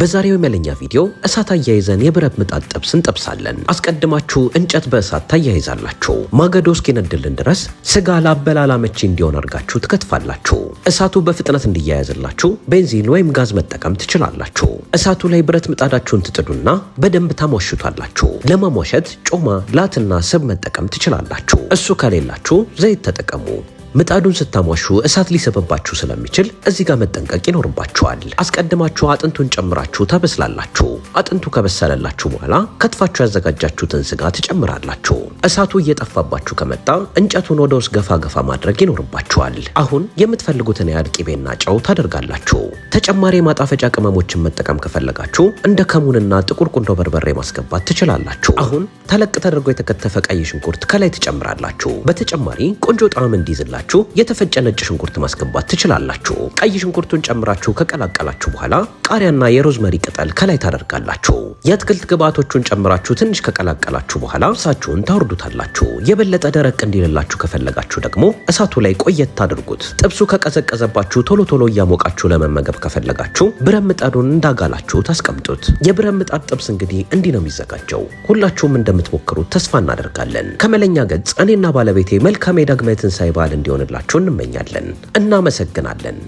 በዛሬው የመለኛ ቪዲዮ እሳት አያይዘን የብረት ምጣድ ጥብስ እንጠብሳለን። አስቀድማችሁ እንጨት በእሳት ታያይዛላችሁ። ማገዶ እስኪነድልን ድረስ ስጋ ለአበላል እንዲሆን አድርጋችሁ ትከትፋላችሁ። እሳቱ በፍጥነት እንዲያያዝላችሁ ቤንዚን ወይም ጋዝ መጠቀም ትችላላችሁ። እሳቱ ላይ ብረት ምጣዳችሁን ትጥዱና በደንብ ታሟሹታላችሁ። ለማሟሸት ጮማ፣ ላትና ስብ መጠቀም ትችላላችሁ። እሱ ከሌላችሁ ዘይት ተጠቀሙ። ምጣዱን ስታሟሹ እሳት ሊሰብባችሁ ስለሚችል እዚህ ጋር መጠንቀቅ ይኖርባችኋል። አስቀድማችሁ አጥንቱን ጨምራችሁ ተበስላላችሁ። አጥንቱ ከበሰለላችሁ በኋላ ከትፋችሁ ያዘጋጃችሁትን ስጋ ትጨምራላችሁ። እሳቱ እየጠፋባችሁ ከመጣ እንጨቱን ወደ ውስጥ ገፋ ገፋ ማድረግ ይኖርባችኋል። አሁን የምትፈልጉትን ያህል ቂቤና ጨው ታደርጋላችሁ። ተጨማሪ የማጣፈጫ ቅመሞችን መጠቀም ከፈለጋችሁ እንደ ከሙንና ጥቁር ቁንዶ በርበሬ ማስገባት ትችላላችሁ። አሁን ተለቅ ተደርጎ የተከተፈ ቀይ ሽንኩርት ከላይ ትጨምራላችሁ። በተጨማሪ ቆንጆ ጣዕም እንዲይዝላችሁ የተፈጨ ነጭ ሽንኩርት ማስገባት ትችላላችሁ። ቀይ ሽንኩርቱን ጨምራችሁ ከቀላቀላችሁ በኋላ ቃሪያና የሮዝመሪ ቅጠል ከላይ ታደርጋላችሁ። የአትክልት ግብአቶቹን ጨምራችሁ ትንሽ ከቀላቀላችሁ በኋላ እሳችሁን ታወርዱታላችሁ። የበለጠ ደረቅ እንዲልላችሁ ከፈለጋችሁ ደግሞ እሳቱ ላይ ቆየት አድርጉት። ጥብሱ ከቀዘቀዘባችሁ ቶሎ ቶሎ እያሞቃችሁ ለመመገብ ከፈለጋችሁ ብረት ምጣዱን እንዳጋላችሁ ታስቀምጡት። የብረት ምጣድ ጥብስ እንግዲህ እንዲህ ነው የሚዘጋጀው። ሁላችሁም እንደ እንደምትሞክሩ ተስፋ እናደርጋለን። ከመለኛ ገጽ እኔና ባለቤቴ መልካም የዳግማይ ትንሣኤ በዓል እንዲሆንላችሁ እንመኛለን። እናመሰግናለን።